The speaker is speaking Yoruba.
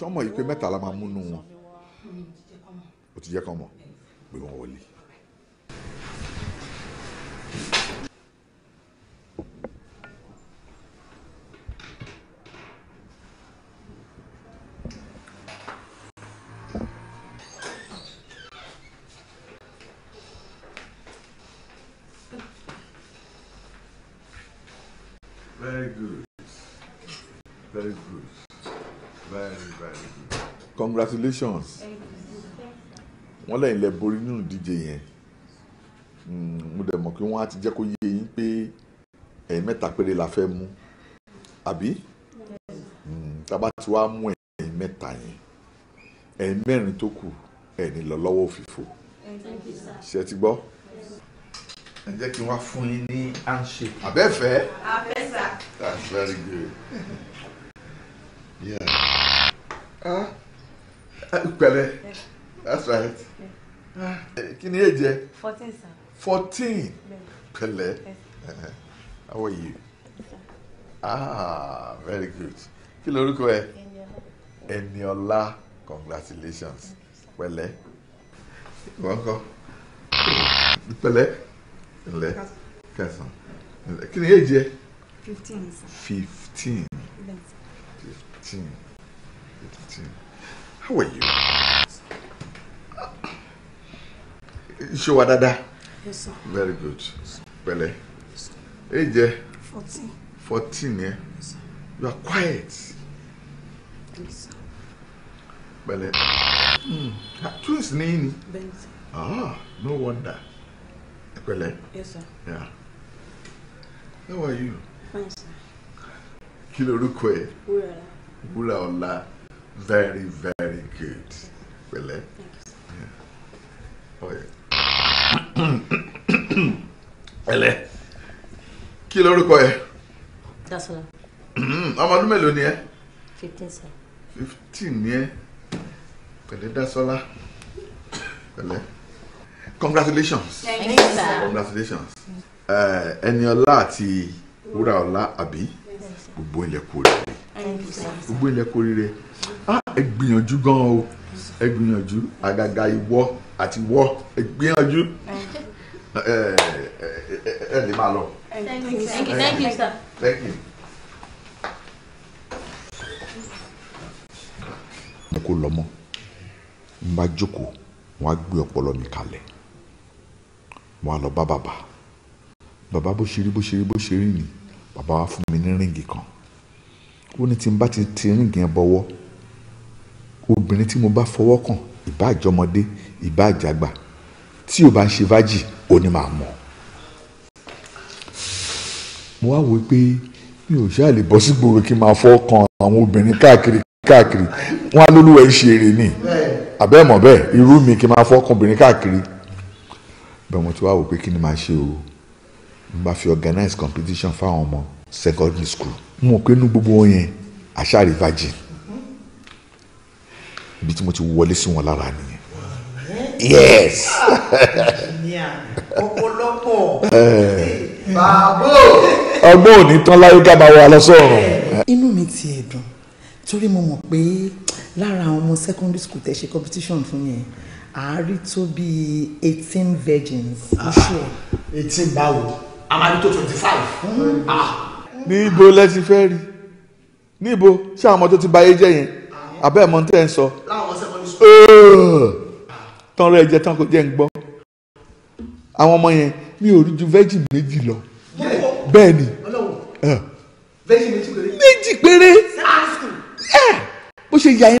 sọmọ yìí pé mẹ́ta la máa mú nù wọn o ti jẹ́ kán mọ̀ pé wọ́n wọlé. Very good. Very good. Very, very good. Congratulations. Wọ́n lẹ́yìn lẹ borí nínú ìdíje yẹn. Hmm, mo dẹ̀ mọ̀ pé wọ́n á ti jẹ́ kó yé yín pé ẹ̀yin mẹ́ta péré la fẹ́ mú. Àbí? Hmm, tá bá ti wá mú ẹ̀yin mẹ́ta yẹn. Ẹ̀yin mẹ́rin tó kù ẹni lọ lọ́wọ́ òfìfo. Ṣé ti gbọ́? Ẹ jẹ́ kí n wá fún yín ní handshake. Àbẹ́fẹ́? Àbẹ́sà. That's very good. Ah. ah pẹ̀lẹ́ that's right eh, kí ni èjẹ fourteen sir fourteen pẹ̀lẹ́ eh, how are you ah very good kí lorúkọ ẹ Ẹniọlá congratulations pẹ̀lẹ́ wọn kọ pẹ̀lẹ́ pẹ̀lẹ́ kẹsàn kí ni èjẹ fifteen. Fifteen. Fifteen. How are you? Ṣé wà Yes sir. Very good. Pẹ̀lẹ́. Yes. Aj. Fourteen. Fourteen yẹn. Yes sir. You are quiet. Yes sir. Pẹ̀lẹ́. Hmm. Ah, twins ní yín ni. Bẹ́ẹ̀ni Ah, no wonder. Pẹ̀lẹ́. Yes sir. Yeah. How are you? kí lorúkọ ẹ wúrà ọlá very very good pẹ̀lẹ́. pẹ̀lẹ́ kí lorúkọ ẹ. Dasola. ọmọ ọdún mélòó ni ẹ. fifteen sir. fifteen ni ẹ pẹ̀lẹ́ Dasola pẹ̀lẹ́ congratulations. thank you sir. congratulations. Eh, ẹni ọlá àti wúrà ọlá àbí gbogbo ilẹ̀ kò rí rẹ gbogbo ilẹ̀ kò rí rẹ ẹ gbìyànjú gan o ẹ gbìyànjú àgàgà ìwọ àti wọ ẹ gbìyànjú ẹ ẹ lè máa lọ. thank you thank you thank you sir. thank you. ẹ kò lọ mọ́ n bá jókòó wọn á gbé ọpọlọ mi kalẹ̀ wọn á lọ bá bàbá bàbá bó ṣe rí bó ṣe rí bó ṣe rí nìyí bàbá wa fún mi ní ríǹgì kan ó ní tí n bá ti ti ríǹgì yẹn bọwọ́ obìnrin tí mo bá fọwọ́ kàn ìbá àjọmọdé ìbá àjàgbà tí o bá ń ṣe fájì ó ní màá mọ̀ mo wá wò pé mi ò ṣáà lè bọ́ sígboro kí n máa fọ́ kan àwọn obìnrin káàkiri káàkiri wọn á lólúwẹ̀ ń ṣe eré ni àbẹ́ẹ̀mọ̀ bẹ́ẹ̀ irú mi kí n máa fọ́ kan obìnrin káàkiri bẹ́ẹ̀ mo ti wá wò pé kí ni màá ṣe o n bá fi organize competition fáwọn ọmọ secondary school mo mọ̀ pé inú gbogbo wọn yẹn àṣàrí virgin ibi tí mo ti wọlé sí wọn lára nìyẹn yes. ọ̀pọ̀lọpọ̀ eh. bàbá ọgbọ́n ò ní tán láyé ká máa lọ́sọ̀rọ̀. inú mi ti ẹ̀dùn torí mo mọ̀ pé lára àwọn ọmọ secondary school tẹ̀ ṣe competition fún yẹn àárí tó bíi eighteen virgins. eighteen báwo amadu tó twenty five. Ah. níbo lẹ ti fẹ́ rí níbo ṣé àwọn ọmọ tó ti báyé jẹ́ yẹn abẹ́ ẹ̀mọ́ tẹ́ ń sọ. tán rẹ̀ jẹ́ tán kò jẹ́ ń gbọ́ àwọn ọmọ yẹn mi ò rí ju vẹ́jì méjì lọ bẹ́ẹ̀ ni méjì péré bó ṣe yà yín.